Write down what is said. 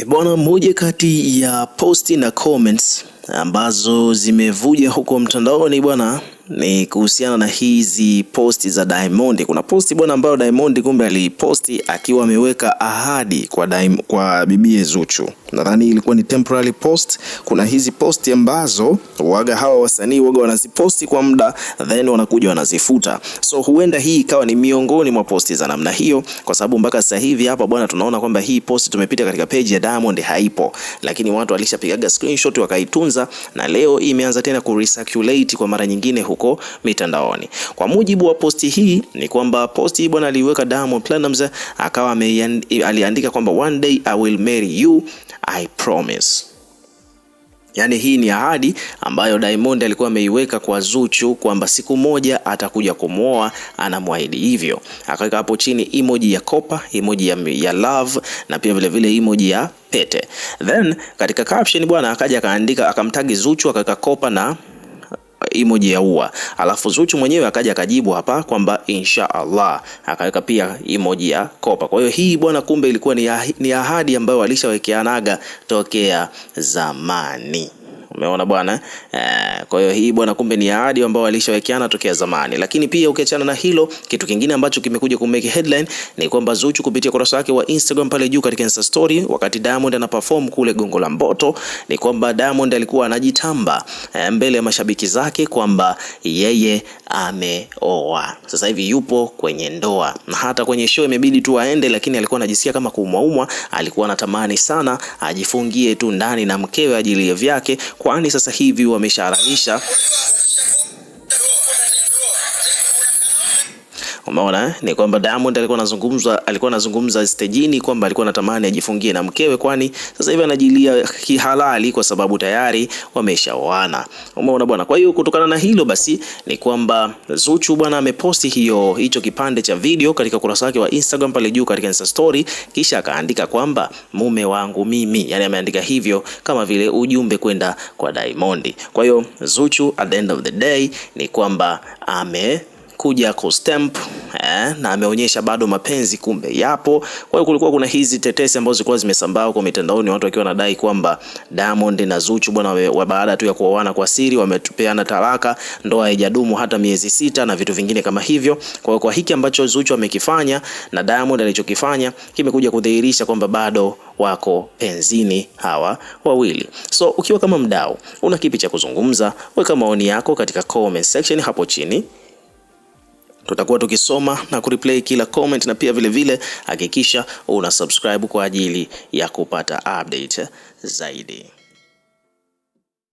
E bwana, mmoja kati ya posti na comments ambazo zimevuja huko mtandaoni bwana ni kuhusiana na hizi posti za Diamond. Kuna posti bwana ambayo Diamond kumbe aliposti akiwa ameweka ahadi kwa daim, kwa bibie Zuchu. Nadhani ilikuwa ni temporary post. Kuna hizi posti ambazo waga hawa wasanii waga wanaziposti kwa muda then wanakuja wanazifuta, so huenda hii ikawa ni miongoni mwa posti za namna hiyo, kwa sababu mpaka sasa hivi hapa bwana tunaona kwamba hii posti tumepita katika page ya Diamond haipo, lakini watu walishapigaga screenshot wakaitunza na leo imeanza tena kurecirculate kwa mara nyingine huko huko mitandaoni. Kwa mujibu wa posti hii ni kwamba posti hii bwana aliweka Diamond Platinumz akawa aliandika kwamba one day I will marry you I promise. Yaani hii ni ahadi ambayo Diamond alikuwa ameiweka kwa Zuchu kwamba siku moja atakuja kumwoa, anamwahidi hivyo. Akaweka hapo chini emoji ya kopa, emoji ya, ya love na pia vile vile emoji ya pete. Then katika caption bwana akaja akaandika akamtagi Zuchu akaweka kopa na emoji ya ua. Alafu Zuchu mwenyewe akaja akajibu hapa kwamba insha Allah, akaweka pia emoji ya kopa. Kwa hiyo hii bwana, kumbe ilikuwa ni ahadi ambayo walishawekeanaga tokea zamani. Umeona bwana eh. Kwa hiyo hii bwana, kumbe ni ahadi ambao walishawekeana tokea zamani. Lakini pia ukiachana na hilo, kitu kingine ambacho kimekuja ku make headline ni kwamba Zuchu kupitia kurasa yake wa Instagram pale juu katika Insta story, wakati Diamond ana perform kule Gongo la Mboto, ni kwamba Diamond alikuwa anajitamba eh, mbele ya mashabiki zake kwamba yeye ameoa, sasa hivi yupo kwenye ndoa, na hata kwenye show imebidi tu aende, lakini alikuwa anajisikia kama kuumwaumwa, alikuwa anatamani sana ajifungie tu ndani na mkewe ajili ya vyake kwa kwani sasa hivi wameshahalalisha Umeona, eh? ni kwamba Diamond alikuwa anazungumza alikuwa anazungumza stejini kwamba alikuwa anatamani ajifungie na mkewe, kwani sasa hivi anajilia kihalali kwa sababu tayari wameshaoana. Umeona bwana. Kwa hiyo kutokana na hilo basi ni kwamba Zuchu bwana ameposti hiyo hicho kipande cha video katika ukurasa wake wa Instagram pale juu katika Insta story, kisha akaandika kwamba mume wangu mimi, yani ameandika hivyo kama vile ujumbe kwenda kwa Diamond. Kwa hiyo Zuchu at the end of the day ni kwamba amekuja kustemp eh, na ameonyesha bado mapenzi kumbe yapo. Kwa hiyo kulikuwa kuna hizi tetesi ambazo zilikuwa zimesambaa kwa mitandaoni, watu wakiwa wanadai kwamba Diamond na Zuchu bwana, baada tu ya kuoana kwa siri wametupeana talaka, ndoa haijadumu hata miezi sita na vitu vingine kama hivyo. Kwa hiyo kwa hiki ambacho Zuchu amekifanya na Diamond alichokifanya kimekuja kudhihirisha kwamba bado wako penzini hawa wawili. So ukiwa kama mdau, una kipi cha kuzungumza? Weka maoni yako katika comment section hapo chini tutakuwa tukisoma na kureplay kila comment, na pia vilevile hakikisha una subscribe kwa ajili ya kupata update zaidi.